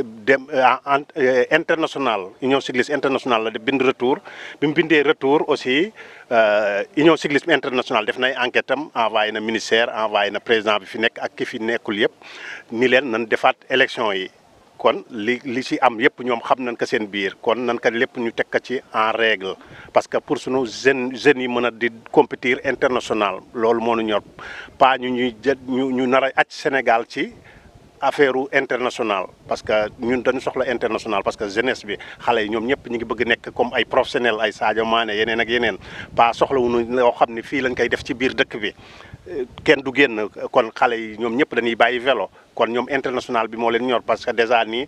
dem euh, euh, international union cycliste international la def bind retour bi bindee retour aussi euh, union cyclisme international def nay enquête am envoyé na ministère envoyé na président bi fi nekk ak ki fi nekkul yëpp ni leen nan defaat élection yi kon li li ci am yëpp ñoom xam nañ ko seen biir kon nan ko lépp ñu teg ko ci en règle parce que pour sunu jeune jeunes yi mën a di compétir international loolu moo nu ñor pas ñu ñuy jë ñu ñu nar Sénégal ci affaire international parce que ñun dañu soxla international parce que jeunesse bi xalé ñom ñep ñi ngi bëgg nek comme ay professionnel ay Sadio Mané yenen ak yenen pa soxla wu ñu lo xamni fi lañ koy def ci biir dëkk bi kèn du génn kon xalé yi ñom ñep dañuy bayyi vélo kon ñom international bi mo leen ñor parce que déjà ni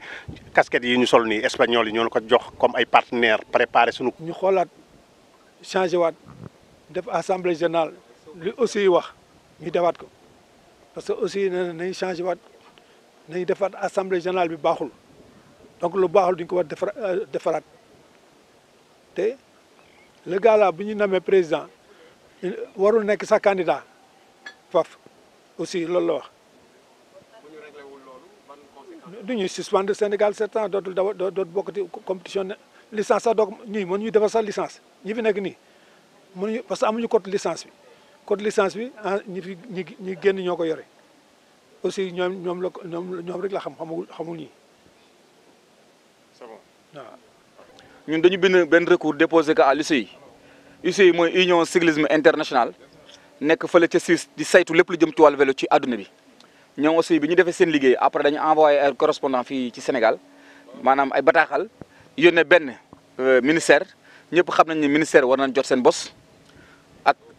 casquette yi ñu sol ni espagnol yi ñoo ko jox comme ay partenaire préparer suñu ñu xolaat changer wat def assemblée générale li aussi wax ñu defaat ko parce que aussi nañ changer wat nañu defaat assemblée générale bi baaxul donc lu baaxul duñ ko war defar euh, defaraat te le gars là bu ñu namee président warul nekk sa candidat faf aussi loolu la wax. du ñuy suspendre Sénégal sept ans dootul daw dootul bokkati compétition ne licence sax doog ñii mënuñu defar sax licence ñi fi nekk nii mënuñu parce que amuñu code licence bi code licence bi ah ñi fi ñi génn ñoo ko yore. Nous avons ñom la recours déposé à l'UCI UCI une union cyclisme international Nous avons fait le di saytu lepp lu vélo aussi bi après envoyé un correspondant au Sénégal manam ay euh, ministère ñëpp xam nañ ne ministère war nañ jot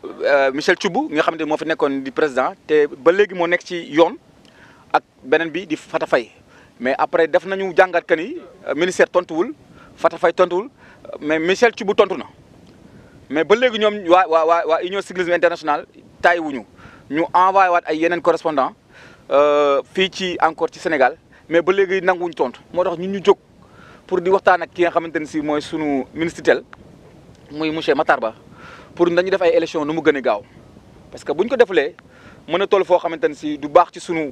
euh, Michel nous avons président ak beneen bi di Fata Faye mais après def nañu jàngat que ni euh, ministère tontuwul fatafay tontuwul euh, mais ci bu tontu na mais ba léegi ñoom waa waa waa waa Union Cyclisme International tay wuñu ñu envoyé waat ay yeneen correspondant euh, fii ci encore ci Sénégal mais ba léegi nanguwuñ tontu moo tax ñun ñu jóg pour di waxtaan ak ki nga xamante ne si mooy sunu ministre tel muy monsieur Matar Ba pour dañu def ay élection nu mu gën a gaaw parce que bu buñ ko defalee mën a toll foo xamante ne si du baax ci sunu.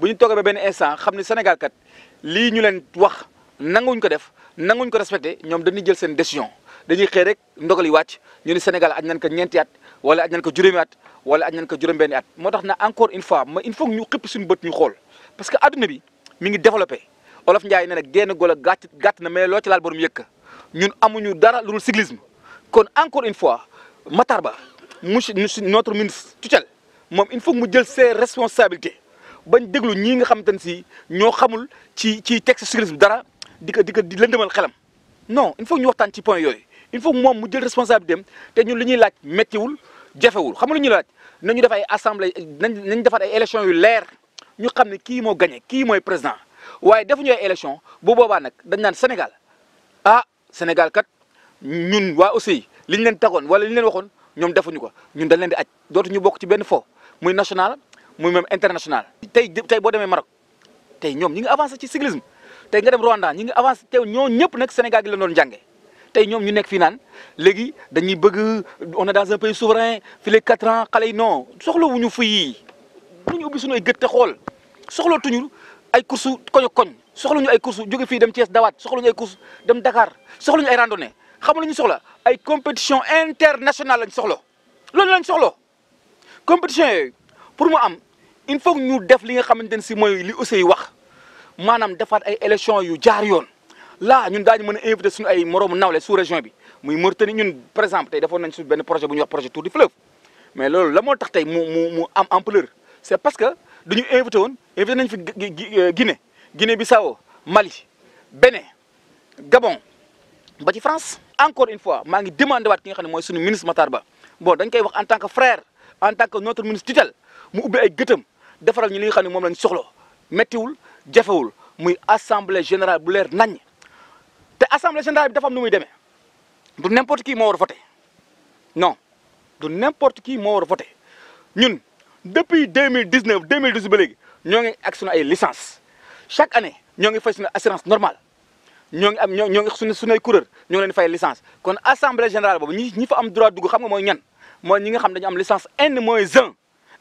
bu ñu toogee ba benn instant xam ni Sénégal kat lii ñu leen wax nanguñ ko def nanguñ ko respecté ñoom dañuy jël seen décision dañuy xëy rek ndogal yi wàcc ñu ni Sénégal añ nañ ko ñeenti at wala añ nañ ko juróomi at wala añ nañ ko juróom-benni at. moo tax na encore une fois ma il faut ñu xëpp suñu bët ñu xool parce que adduna bi mi ngi développé olof Ndiaye ne nag génn golo gàtt gàtt na mais loo ci laal borom yëkk ñun amuñu dara lu dul cyclisme kon encore une fois Matar Ba monsieur notre ministre tutelle moom il faut mu jël ses responsabilités bañ nous ñi nga ne xamul ci ci texte socialisme dara Nous ko di ko non il faut ñu waxtan ci point il faut que mu jël responsable dem té ñun li ñuy laaj nous xam nga laaj nañu assemblée nous, ay élection yu lèr ñu xamné ki mo gagné ki nous président waaye faire ay élection bu boba nak dañ Sénégal ah Sénégal kat ñun wa aussi nous leen taxone wala liñ leen waxone ñom ñuko ñun dañ leen di ci fo muy national même international. tey Maroc avancé cyclisme Rwanda avancé Sénégal on dans un pays souverain fii quatre ans non ay course ay course Dakar ñu ay randonnée ñu compétition internationale compétition pour mu am il faut ñu def li nga xamante ne si mooy li aussi wax maanaam defaat ay élection yu jaar yoon là ñun daañu mën inviter invité suñu ay moroomu nawle sous région bi muy Mauritanie ñun par exemple tey defoon nañ suñu benn projet bu ñuy wax projet Tour du Fleuve mais loolu la moo tax tey mu mu am ampleur c'est parce que dañu invité woon invité nañ fi euh, Guinée Guinée Bissau Mali Bénin Gabon ba ci France encore une fois maa ngi demandé waat ki nga xam ne suñu ministre matarba Ba bon dañ koy wax en tant que frère en tant que notre ministre tutelle mu ubbi ay gëtam defaral ñu li nga xamni mom lañ soxlo metti wul jafé wul muy assemblée générale bu leer nañ té assemblée générale bi dafa am nu muy demee du n'importe qui mo war voter non du n'importe qui mo war voter ñun depuis 2019 2012 ba légui ñoo ngi ak suñu ay licence chaque année ñoo ngi fay suñu assurance normale ñoo ngi am ñoo ñoo ngi suñu suñuy coureur ñoo leen fay licence kon assemblée générale bobu ñi fa am droit dugg xam nga moy ñan moy ñi nga xam dañu am licence N moins 1